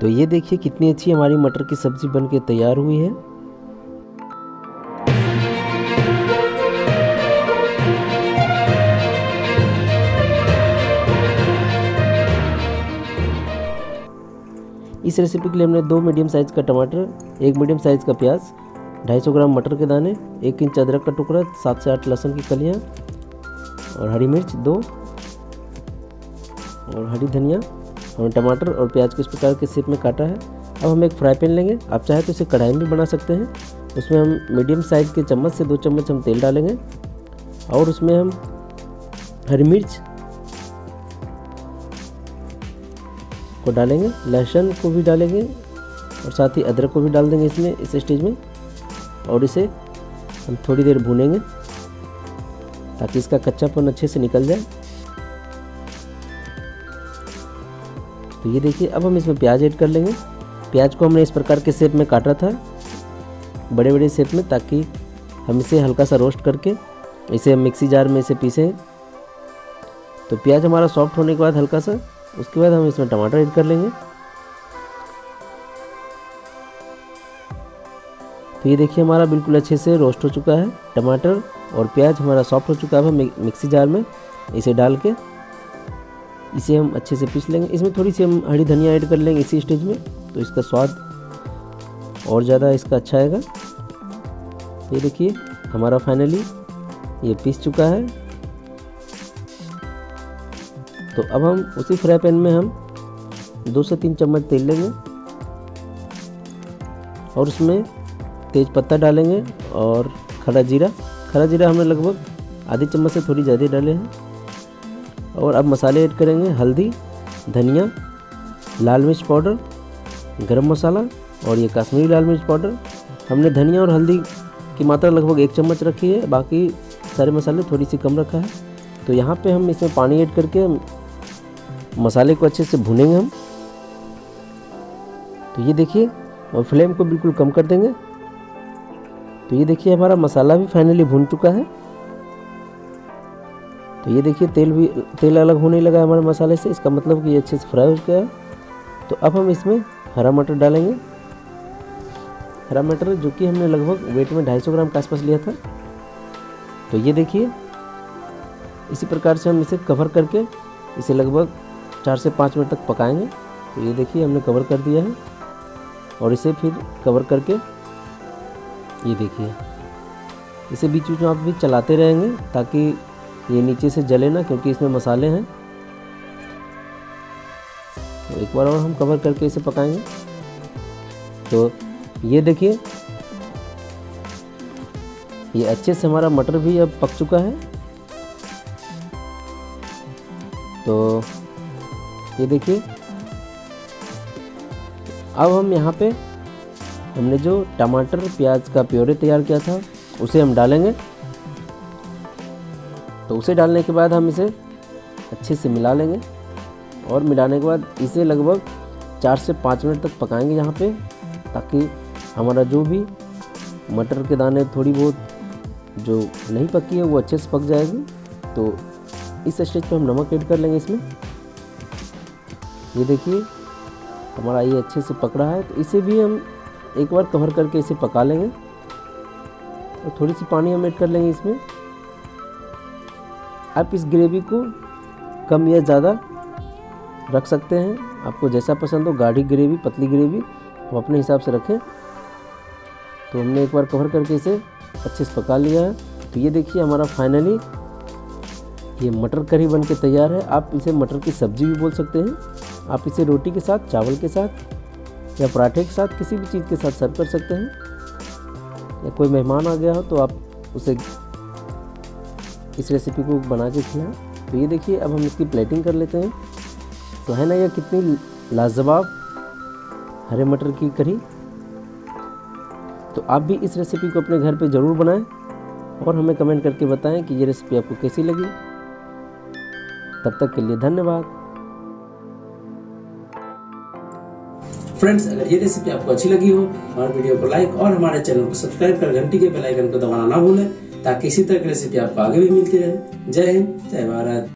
तो ये देखिए कितनी अच्छी हमारी मटर की सब्ज़ी बन के तैयार हुई है इस रेसिपी के लिए हमने दो मीडियम साइज़ का टमाटर एक मीडियम साइज़ का प्याज 250 ग्राम मटर के दाने एक इंच अदरक का टुकड़ा सात से आठ लहसुन की कलियाँ और हरी मिर्च दो और हरी धनिया हमें टमाटर और प्याज किस प्रकार के शेप में काटा है अब हम एक फ्राई पैन लेंगे आप चाहे तो इसे कढ़ाई में भी बना सकते हैं उसमें हम मीडियम साइज़ के चम्मच से दो चम्मच हम तेल डालेंगे और उसमें हम हरी मिर्च को डालेंगे लहसुन को भी डालेंगे और साथ ही अदरक को भी डाल देंगे इसमें इस स्टेज में और इसे हम थोड़ी देर भूनेंगे ताकि इसका कच्चापन अच्छे से निकल जाए तो ये देखिए अब हम इसमें प्याज ऐड कर लेंगे प्याज को हमने इस प्रकार के शेप में काटा था बड़े बड़े शेप में ताकि हम इसे हल्का सा रोस्ट करके इसे हम मिक्सी जार में इसे पीसें तो प्याज हमारा सॉफ्ट होने के बाद हल्का सा उसके बाद हम इसमें टमाटर ऐड कर लेंगे तो ये देखिए हमारा बिल्कुल अच्छे से रोस्ट हो चुका है टमाटर और प्याज हमारा सॉफ्ट हो चुका है मिक्सी जार में इसे डाल के इसे हम अच्छे से पीस लेंगे इसमें थोड़ी सी हम हरी धनिया ऐड कर लेंगे इसी स्टेज में तो इसका स्वाद और ज़्यादा इसका अच्छा आएगा ये देखिए हमारा फाइनली ये पीस चुका है तो अब हम उसी फ्राई पैन में हम दो से तीन चम्मच तेल लेंगे और उसमें तेज पत्ता डालेंगे और खड़ा जीरा खड़ा जीरा हमने लगभग आधी चम्मच से थोड़ी ज़्यादा डाले हैं और अब मसाले ऐड करेंगे हल्दी धनिया लाल मिर्च पाउडर गरम मसाला और ये कश्मीरी लाल मिर्च पाउडर हमने धनिया और हल्दी की मात्रा लगभग एक चम्मच रखी है बाकी सारे मसाले थोड़ी सी कम रखा है तो यहाँ पे हम इसमें पानी ऐड करके मसाले को अच्छे से भुनेंगे हम तो ये देखिए और फ्लेम को बिल्कुल कम कर देंगे तो ये देखिए हमारा मसाला भी फाइनली भुन चुका है तो ये देखिए तेल भी तेल अलग होने लगा हमारे मसाले से इसका मतलब कि ये अच्छे से फ्राई हो गया है तो अब हम इसमें हरा मटर डालेंगे हरा मटर जो कि हमने लगभग वेट में 250 ग्राम के आसपास लिया था तो ये देखिए इसी प्रकार से हम इसे कवर करके इसे लगभग चार से पाँच मिनट तक पकाएंगे तो ये देखिए हमने कवर कर दिया है और इसे फिर कवर करके ये देखिए इसे बीच बीच में आप भी चलाते रहेंगे ताकि ये नीचे से जले ना क्योंकि इसमें मसाले हैं तो एक बार और हम कवर करके इसे पकाएंगे तो ये देखिए ये अच्छे से हमारा मटर भी अब पक चुका है तो ये देखिए अब हम यहाँ पे हमने जो टमाटर प्याज का प्योरे तैयार किया था उसे हम डालेंगे तो उसे डालने के बाद हम इसे अच्छे से मिला लेंगे और मिलाने के बाद इसे लगभग चार से पाँच मिनट तक पकाएंगे यहाँ पे ताकि हमारा जो भी मटर के दाने थोड़ी बहुत जो नहीं पकी है वो अच्छे से पक जाएगी तो इस स्टेज पे हम नमक ऐड कर लेंगे इसमें ये देखिए हमारा ये अच्छे से पक रहा है तो इसे भी हम एक बार कवर करके इसे पका लेंगे और थोड़ी सी पानी हम ऐड कर लेंगे इसमें आप इस ग्रेवी को कम या ज़्यादा रख सकते हैं आपको जैसा पसंद हो गाढ़ी ग्रेवी पतली ग्रेवी आप अपने हिसाब से रखें तो हमने एक बार कवर करके इसे अच्छे से पका लिया है तो ये देखिए हमारा फाइनली ये मटर करी बन के तैयार है आप इसे मटर की सब्ज़ी भी बोल सकते हैं आप इसे रोटी के साथ चावल के साथ या पराठे के साथ किसी भी चीज़ के साथ सर्व कर सकते हैं या कोई मेहमान आ गया हो तो आप उसे इस रेसिपी को बना के खिलाएँ तो ये देखिए अब हम इसकी प्लेटिंग कर लेते हैं तो है ना यह कितनी लाजवाब हरे मटर की करी तो आप भी इस रेसिपी को अपने घर पे ज़रूर बनाएं और हमें कमेंट करके बताएं कि ये रेसिपी आपको कैसी लगी तब तक के लिए धन्यवाद फ्रेंड्स अगर ये रेसिपी आपको अच्छी लगी हो हमारे वीडियो को लाइक और हमारे चैनल को सब्सक्राइब कर घंटी के बेल आइकन को दबाना ना भूलें ताकि इसी तरह की रेसिपी आपको आगे भी मिलती रहे जय हिंद जय भारत